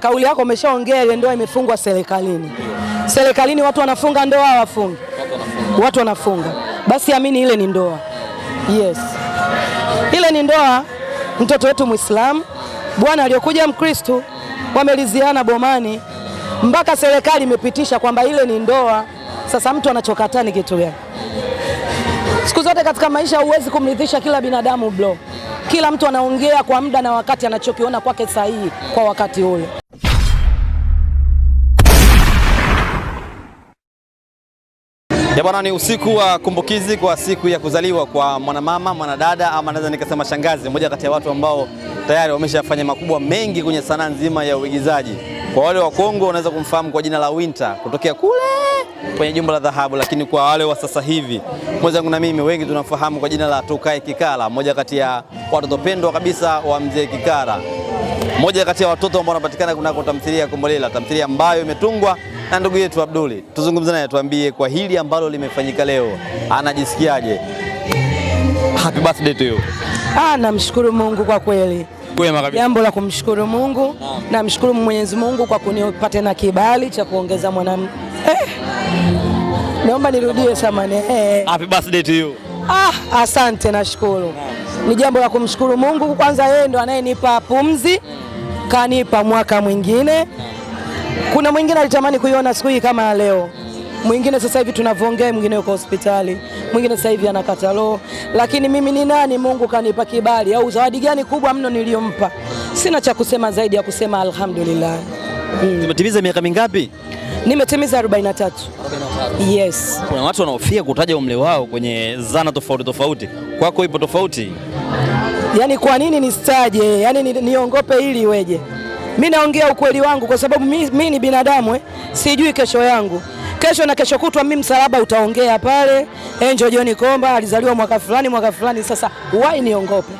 Kauli yako umeshaongea, ile ndoa imefungwa serikalini. Serikalini watu wanafunga ndoa, hawafungi? Watu wanafunga. Basi amini, ile ni ndoa. Yes, ile ni ndoa. Mtoto wetu Mwislamu, bwana aliyokuja Mkristo, wameliziana bomani mpaka serikali imepitisha kwamba ile ni ndoa. Sasa mtu anachokataa ni kitu gani? Siku zote katika maisha huwezi kumridhisha kila binadamu blo. Kila mtu anaongea kwa muda na wakati anachokiona kwake sahihi kwa wakati ule. Ya bwana, ni usiku wa kumbukizi kwa siku ya kuzaliwa kwa mwanamama, mwanadada ama naweza nikasema shangazi, mmoja kati ya watu ambao tayari wameshafanya makubwa mengi kwenye sanaa nzima ya uigizaji. Kwa wale wa Kongo wanaweza kumfahamu kwa jina la Winter kutokea kule kwenye jumba la dhahabu, lakini kwa wale wa sasa hivi, mwenzangu na mimi wengi tunamfahamu kwa jina la Tukae Kikala, mmoja kati ya watoto pendwa kabisa wa mzee Kikala, mmoja kati ya watoto ambao wanapatikana kunako tamthilia ya Kombolela, tamthilia ambayo imetungwa na ndugu yetu Abduli, tuzungumze naye, tuambie kwa hili ambalo limefanyika leo, anajisikiaje? Happy birthday to you. Ah, namshukuru Mungu kwa kweli jambo la kumshukuru Mungu, namshukuru Mwenyezi Mungu kwa kunipa tena kibali cha kuongeza mwanamke eh. Naomba nirudie samani eh. Happy birthday to you. Ah, asante, nashukuru. Ni jambo la kumshukuru Mungu kwanza, yeye ndo anayenipa pumzi, kanipa mwaka mwingine kuna mwingine alitamani kuiona siku hii kama leo, mwingine sasa hivi tunavyoongea, mwingine yuko hospitali, mwingine sasa hivi anakata roho. Lakini mimi ni nani? Mungu kanipa kibali au zawadi gani kubwa mno niliyompa? Sina cha kusema zaidi ya kusema alhamdulillah. Hmm. Tumetimiza miaka mingapi? Nimetimiza 43. 43. Yes. Kuna watu wanaofia kutaja umri wao kwenye zana tofauti tofauti, kwako ipo tofauti? Yaani kwa nini nistaje? Yaani niongope ili iweje? mi naongea ukweli wangu kwa sababu mi mi ni binadamu eh, sijui kesho yangu kesho na kesho kutwa, mi msalaba utaongea pale. Enjo eh, John Komba alizaliwa mwaka fulani mwaka fulani, sasa wai niongope?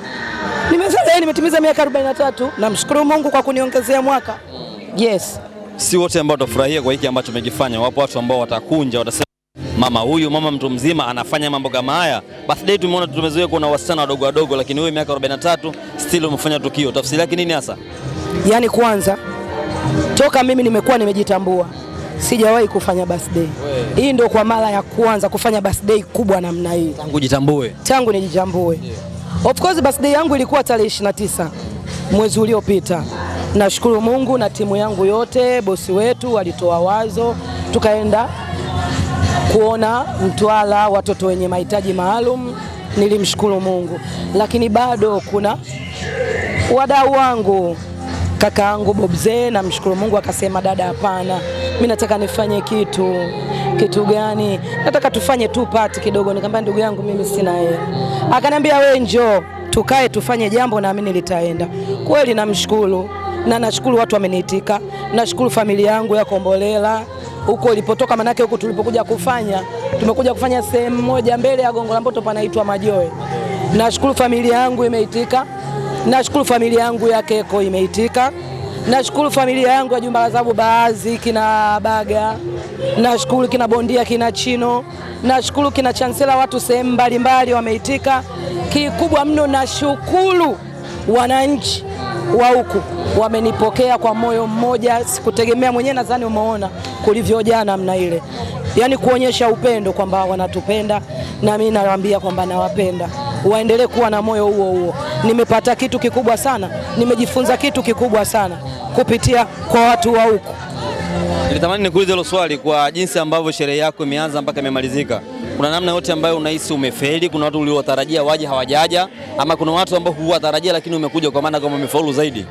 Nimezaliwa eh, nimetimiza miaka 43, namshukuru Mungu kwa kuniongezea mwaka. Yes, si wote ambao watafurahia kwa hiki ambacho umekifanya. Wapo watu ambao watakunja, watasema mama huyu, mama mtu mzima anafanya mambo kama haya. Birthday tumeona, tumezoea kuona wasichana wadogo wadogo, lakini wewe miaka 43 still umefanya tukio. Tafsiri yake nini hasa? Yaani kwanza toka mimi nimekuwa nimejitambua sijawahi kufanya birthday. Hii ndio kwa mara ya kwanza kufanya birthday kubwa namna hii tangu jitambue, tangu nijitambue. Yeah. Of course birthday yangu ilikuwa tarehe 29 mwezi uliopita. Nashukuru Mungu na timu yangu yote, bosi wetu walitoa wazo, tukaenda kuona Mtwara watoto wenye mahitaji maalum. Nilimshukuru Mungu, lakini bado kuna wadau wangu kaka yangu na namshukuru Mungu akasema, dada, hapana, mi nataka nifanye kitu. Kitu gani? Nataka tufanye tu pati kidogo. Nikamwambia ndugu yangu, mimi sina hela. Akaniambia we njoo tukae tufanye jambo, naamini litaenda kweli. Namshukuru na nashukuru watu wameniitika, nashukuru familia yangu ya Kombolela huko ilipotoka, manake huko tulipokuja kufanya tumekuja kufanya sehemu moja mbele ya Gongo la Mboto panaitwa Majoe. Nashukuru familia yangu imeitika Nashukuru familia yangu ya Keko imeitika. Nashukuru familia yangu ya Jumba la Zabu, baadhi kina Baga, nashukuru kina Bondia, kina Chino, nashukuru kina Chansela, watu sehemu mbalimbali wameitika. Kikubwa mno, nashukuru wananchi wa huku wamenipokea kwa moyo mmoja, sikutegemea mwenyewe. Nadhani umeona kulivyojaa namna ile, yaani kuonyesha upendo kwamba wanatupenda, na mimi nawaambia kwamba nawapenda waendelee kuwa na moyo huo huo. Nimepata kitu kikubwa sana, nimejifunza kitu kikubwa sana kupitia kwa watu wa huku. Nilitamani nikuulize hilo swali, kwa jinsi ambavyo sherehe yako imeanza mpaka imemalizika, kuna namna yote ambayo unahisi umefeli? Kuna watu uliowatarajia waje hawajaja, ama kuna watu ambao huwatarajia lakini umekuja kwa maana kama umefaulu zaidi?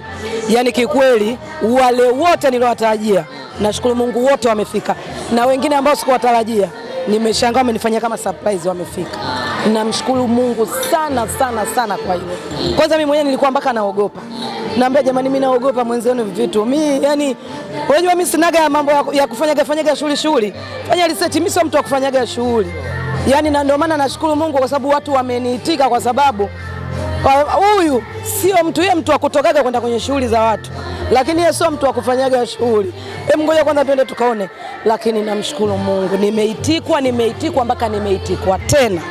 Yaani kikweli, wale wote niliowatarajia, nashukuru Mungu, wote wamefika, na wengine ambao sikuwatarajia, nimeshangaa wamenifanyia kama surprise, wamefika namshukuru Mungu sana sana sana kwa hilo. Kwanza mimi mwenyewe nilikuwa mpaka naogopa, naambia jamani, mimi naogopa mwenzenu vitu mi, yani unajua mimi sinaga ya mambo ya, ya kufanyaga fanyaga shughuli shughuli, fanya research, mimi sio mtu wa kufanyaga shughuli yani, na ndio maana nashukuru Mungu kwa sababu watu wameniitika, kwa sababu huyu sio mtu, yeye mtu wa kutokaga kwenda kwenye shughuli za watu, lakini yeye sio mtu wa kufanyaga shughuli. Hebu ngoja kwanza twende tukaone, lakini namshukuru Mungu nimeitikwa, nimeitikwa mpaka nimeitikwa tena.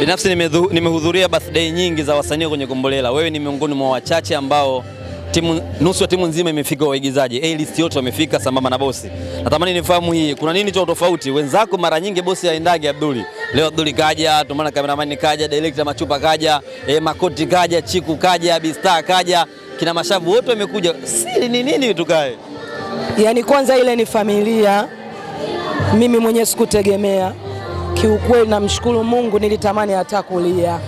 Binafsi nimehudhuria birthday nyingi za wasanii kwenye Kombolela. Wewe ni miongoni mwa wachache ambao timu, nusu ya timu nzima imefika, waigizaji A list yote wamefika sambamba na bosi. Natamani nifahamu hii, kuna nini cha tofauti? Wenzako mara nyingi bosi haendagi Abduli, leo Abduli kaja, tumana kameramani kaja, director Machupa kaja, eh, Makoti kaja, Chiku kaja, Bista kaja, kina Mashavu wote wamekuja. Siri ni nini tukae? Yaani kwanza ile ni familia, mimi mwenyewe sikutegemea kiukweli namshukuru Mungu, nilitamani hata kulia.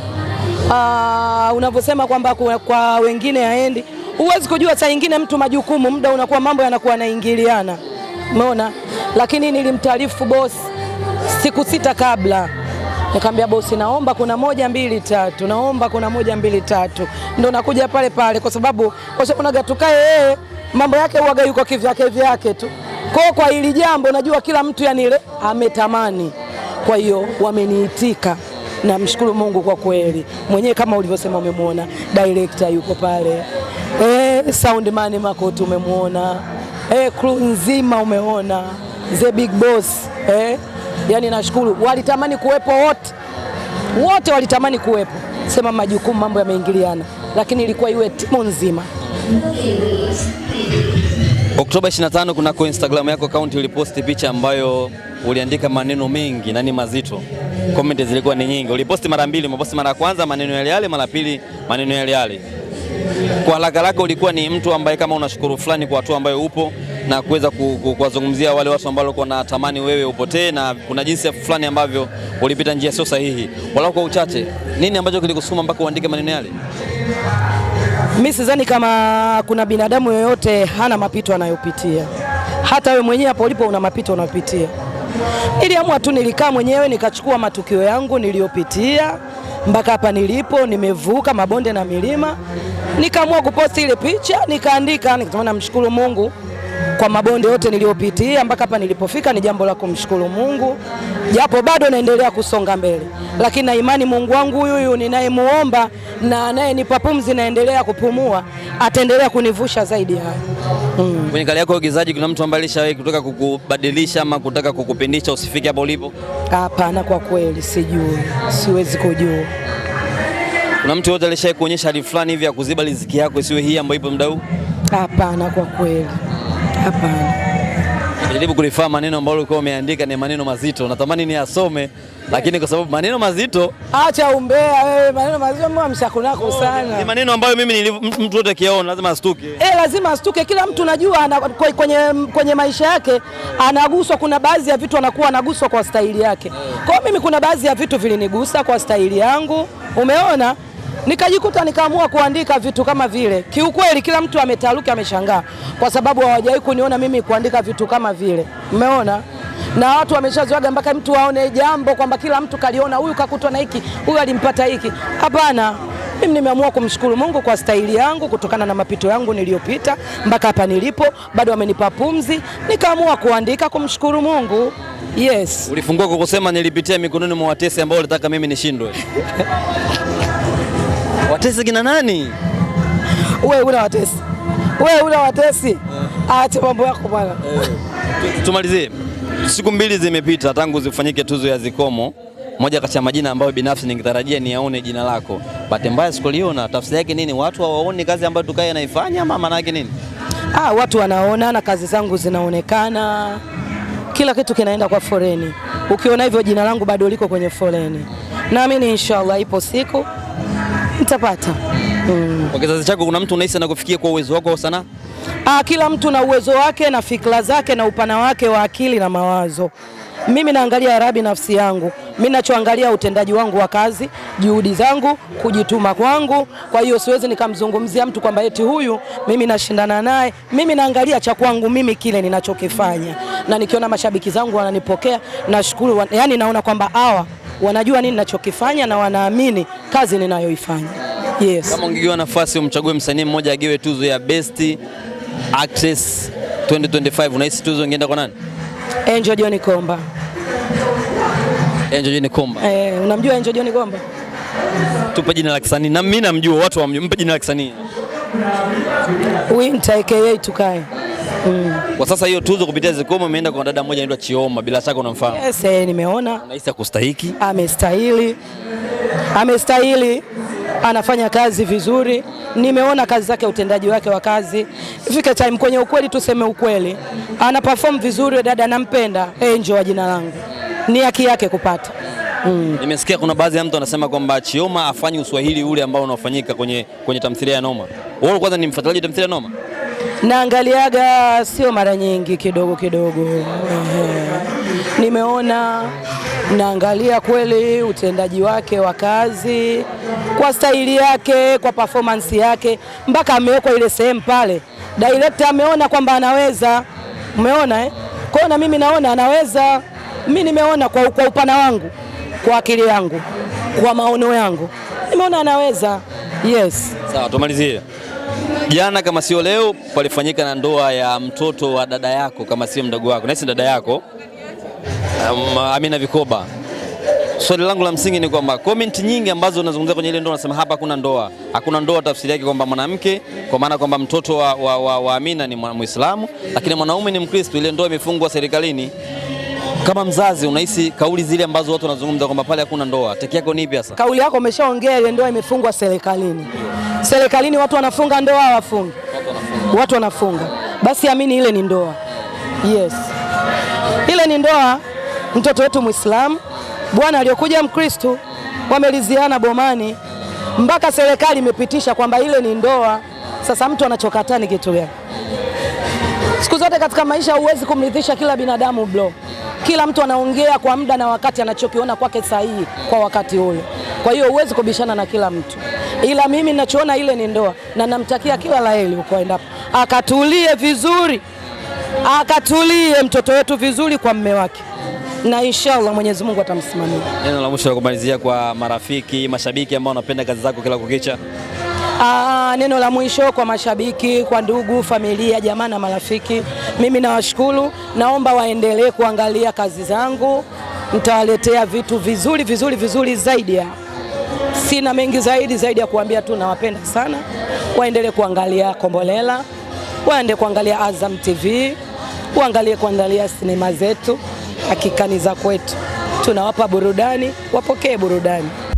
Uh, unavyosema kwamba kwa, kwa wengine haendi, huwezi kujua saa nyingine mtu majukumu, muda unakuwa mambo yanakuwa yanaingiliana, umeona. Lakini nilimtaarifu bosi siku sita kabla, nikamwambia bosi, naomba kuna moja mbili tatu, naomba kuna moja mbili tatu, ndo nakuja pale pale, kwa sababu kwa sababu naga tukae yeye mambo yake huaga yuko kivyake vyake tu. Kwa kwa hili jambo najua kila mtu yanile ametamani kwa hiyo wameniitika, namshukuru Mungu kwa kweli. Mwenyewe kama ulivyosema, umemwona director yuko pale e, eh, soundman Makoto umemwona e, crew nzima umeona, the big boss e, eh. yani nashukuru, walitamani kuwepo wote wote walitamani kuwepo, sema majukumu mambo yameingiliana, lakini ilikuwa iwe timu nzima. Oktoba 25 kunako Instagram yako akaunti uliposti picha ambayo uliandika maneno mengi na ni mazito, comment zilikuwa ni nyingi. Uliposti mara mbili, umeposti mara ya kwanza maneno yale yale, mara pili maneno yale yale. Kwa haraka haraka ulikuwa ni mtu ambaye kama unashukuru fulani kwa hatua ambayo upo na kuweza kuwazungumzia wale watu ambao walikuwa wanatamani wewe upotee, na kuna jinsi fulani ambavyo ulipita njia sio sahihi, walau kwa uchache. Nini ambacho kilikusukuma mpaka uandike maneno yale? Mimi sidhani kama kuna binadamu yoyote hana mapito anayopitia, hata wewe mwenyewe hapo ulipo una mapito unayopitia. Niliamua tu, nilikaa mwenyewe nikachukua matukio yangu niliyopitia mpaka hapa nilipo, nimevuka mabonde na milima, nikaamua kuposti ile picha, nikaandika nikasema, namshukuru Mungu kwa mabonde yote niliyopitia mpaka hapa nilipofika, ni jambo la kumshukuru Mungu, japo bado naendelea kusonga mbele, lakini na imani Mungu wangu huyu huyu ninayemuomba na anayenipa pumzi, naendelea kupumua, ataendelea kunivusha zaidi haya mm. Kwenye kali yako uigizaji, kuna mtu ambaye alishawahi kutaka kukubadilisha ama kutaka kukupindisha usifike hapo ulipo? Hapana, kwa kweli sijui, siwezi kujua. Kuna mtu yote alishawahi kuonyesha hali fulani hivi ya kuziba riziki yako isiwe hii ambayo ipo mdau? Hapana, kwa kweli Hapana. Jaribu kulifahamu maneno ambayo ulikuwa umeandika, ni maneno mazito, natamani ni asome lakini kwa sababu maneno mazito, acha umbea wewe. Maneno mazito mshakunako oh, sana? Ni maneno ambayo mimi mtu wote akiona lazima astuke, eh, lazima astuke. Kila mtu najua ana, kwenye, kwenye maisha yake anaguswa. Kuna baadhi ya vitu anakuwa anaguswa kwa staili yake. Kwa hiyo mimi kuna baadhi ya vitu vilinigusa kwa staili yangu, umeona Nikajikuta nikaamua kuandika vitu kama vile. Kiukweli kila mtu ametaruki, ameshangaa kwa sababu hawajawahi kuniona mimi kuandika vitu kama vile, umeona na watu wameshazoaga mpaka mtu aone jambo kwamba kila mtu kaliona, huyu kakutwa na hiki, huyu alimpata hiki. Hapana, mimi nimeamua kumshukuru Mungu kwa staili yangu kutokana na mapito yangu niliyopita mpaka hapa nilipo, bado amenipa pumzi, nikaamua kuandika kumshukuru Mungu. Yes, ulifungua kwa kusema nilipitia mikononi mwa watesi ambao walitaka mimi nishindwe. Watesi kina nani? Uwe ula watesi, uwe ula watesi. Eh. Acha mambo yako bwana. Eh. Tumalizie, siku mbili zimepita tangu zifanyike tuzo ya Zikomo. Moja kati ya majina ambayo binafsi ningetarajia niyaone jina lako, bahati mbaya sikuliona. Tafsiri yake nini? Watu hawaoni kazi ambayo Tukae anaifanya ama maana yake nini? Ah, watu wanaona na kazi zangu zinaonekana, kila kitu kinaenda kwa foreni. Ukiona hivyo jina langu bado liko kwenye foreni, naamini inshallah ipo siku nitapata. Mm. Kwa kizazi chako kuna mtu unahisi anakufikia kwa uwezo wako au sanaa? Ah, kila mtu na uwezo wake na fikra zake na upana wake wa akili na mawazo. Mimi naangalia rabi nafsi yangu, mimi ninachoangalia utendaji wangu wa kazi, juhudi zangu, kujituma kwangu. Kwa hiyo siwezi nikamzungumzia mtu kwamba eti huyu mimi nashindana naye. Mimi naangalia cha kwangu mimi kile ninachokifanya, na nikiona mashabiki zangu wananipokea nashukuru, yani naona kwamba hawa wanajua nini ninachokifanya na wanaamini kazi ninayoifanya. Yes. Kama ungegewa nafasi umchague msanii mmoja agewe tuzo ya Best Actress 2025 unahisi tuzo ingeenda kwa nani? Angel John Komba. Angel John Komba. Eh, unamjua Angel John Komba? Tupe jina la kisanii. Na mimi namjua, watu wamjua. Mpe jina la kisanii. Winter aka Tukae. Mm. Kwa sasa hiyo tuzo kupitia Zikomo imeenda kwa dada mmoja anaitwa Chioma, bila shaka unamfahamu. Yes, eh, nimeona. Anahisi kustahiki. Amestahili. Amestahili. Anafanya kazi vizuri. Nimeona kazi zake, utendaji wake wa kazi. Fika time kwenye ukweli, tuseme ukweli. Ana perform vizuri dada, nampenda. Angel eh, wa jina langu. Ni haki yake kupata. Mm. Nimesikia kuna baadhi ya mtu anasema kwamba Chioma afanye uswahili ule ambao unafanyika kwenye, kwenye tamthilia ya Noma. Wewe kwanza ni mfuatiliaji tamthilia ya Noma? naangaliaga sio mara nyingi, kidogo kidogo. Nimeona naangalia kweli utendaji wake wa kazi, kwa staili yake, kwa performance yake, mpaka amewekwa ile sehemu pale, director ameona kwamba anaweza. Umeona eh? Kwa hiyo na mimi naona anaweza. Mimi nimeona kwa, kwa upana wangu, kwa akili yangu, kwa maono yangu, nimeona anaweza. Yes, sawa, tumalizie. Jana kama sio leo palifanyika na ndoa ya mtoto wa dada yako, kama sio mdogo wako, nahisi dada yako um, Amina Vikoba. Swali so, langu la msingi ni kwamba comment nyingi ambazo unazungumzia kwenye ile ndoa unasema hapa hakuna ndoa, hakuna ndoa, tafsiri yake kwamba mwanamke, kwa maana kwamba mtoto wa, wa, wa, wa Amina ni Muislamu, lakini mwanaume ni Mkristo, ile ndoa imefungwa serikalini. Kama mzazi unahisi kauli zile ambazo watu wanazungumza kwamba pale hakuna ndoa, teki yako ni ipi hasa? Kauli yako umeshaongea, ile ndoa imefungwa serikalini serikalini watu wanafunga ndoa, hawafungi watu wanafunga, basi amini, ile ni ndoa. Yes, ile ni ndoa. Mtoto wetu Mwislamu, bwana aliyokuja Mkristu, wameliziana bomani mpaka serikali imepitisha kwamba ile ni ndoa. Sasa mtu anachokataa ni kitu gani? Siku zote katika maisha huwezi kumridhisha kila binadamu blo Kila mtu anaongea kwa muda na wakati anachokiona kwake sahihi kwa wakati huyo. Kwa hiyo huwezi kubishana na kila mtu ila mimi nachoona ile ni ndoa, na namtakia kila la heri huko endapo, akatulie vizuri, akatulie mtoto wetu vizuri kwa mme wake, na inshallah Mwenyezi Mungu atamsimamia. Neno la mwisho la kumalizia kwa marafiki, mashabiki ambao wanapenda kazi zako kila kukicha. Aa, ah, neno la mwisho kwa mashabiki, kwa ndugu, familia, jamaa na marafiki, mimi nawashukuru. Naomba waendelee kuangalia kazi zangu, nitawaletea vitu vizuri vizuri vizuri zaidi ya Sina mengi zaidi zaidi ya kuambia tu nawapenda sana, waendelee kuangalia Kombolela, waende kuangalia Azam TV, waangalie kuangalia sinema zetu, hakika ni za kwetu. Tunawapa burudani, wapokee burudani.